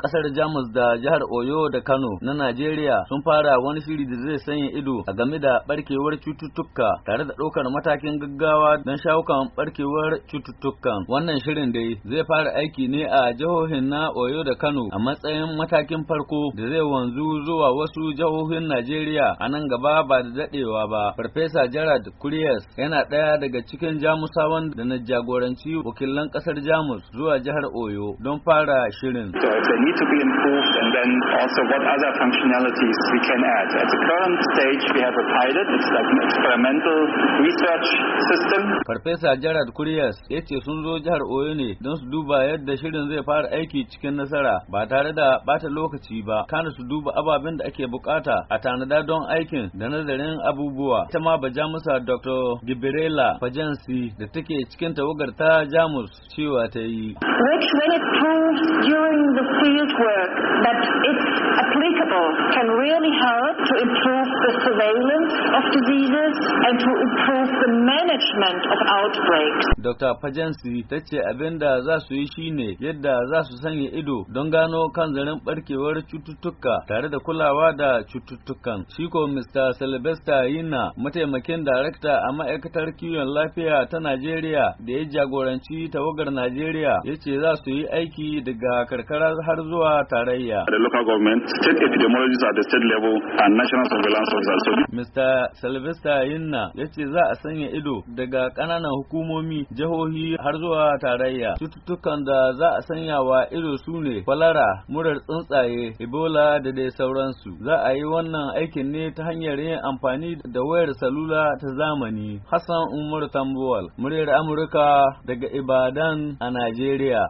kasar Jamus da jihar Oyo da Kano na Najeriya sun fara wani shiri da zai sanya ido a game da barkewar cututtuka tare da ɗaukar matakin gaggawa don shawo barkewar cututtukan. Wannan shirin dai zai fara aiki ne a jihohin na Oyo da Kano a matsayin matakin farko da zai wanzu zuwa wasu jihohin Najeriya a nan gaba ba da daɗewa ba. Farfesa Gerard Kuriyas yana ɗaya daga cikin Jamusawan da na jagoranci wakilan ƙasar Jamus zuwa jihar Oyo don fara shirin. need to be improved, and then also what other functionalities we can add. At the current stage, we have a pilot. It's like an experimental research system. Farfesa Jared Kuriyas ya sun zo jihar Oyo ne don su duba yadda shirin zai fara aiki cikin nasara ba tare da bata lokaci ba kana su duba ababen da ake bukata a tanada don aikin da nazarin abubuwa. Ita ma bajamusa Dr. Gibirela Fajensi da take cikin tawagar ta Jamus cewa ta yi. Which when it proves during work, but it's applicable can really help to improve the surveillance of diseases and to improve the management of outbreaks. Dr. Pajansi ta ce abin da za su yi shine yadda za su sanya ido don gano kan zarin barkewar cututtuka tare da kulawa da cututtukan. Shi ko Mr. Sylvester Yina, mataimakin darakta a ma'aikatar kiwon lafiya ta Najeriya da ya jagoranci tawagar Najeriya ya ce za su yi aiki daga karkara har zuwa tarayya. The local government, state epidemiologists at the state level and national surveillance officers. Mr. Sylvester Yinna ya ce za a sanya ido daga ƙananan hukumomi jihohi har zuwa tarayya. Cututtukan da za a sanya wa ido su ne kwalara, murar tsuntsaye, ebola da dai sauransu. Za a yi wannan aikin ne ta hanyar yin amfani da wayar salula ta zamani. Hassan Umar Tambuwal, muryar Amurka daga Ibadan a Najeriya.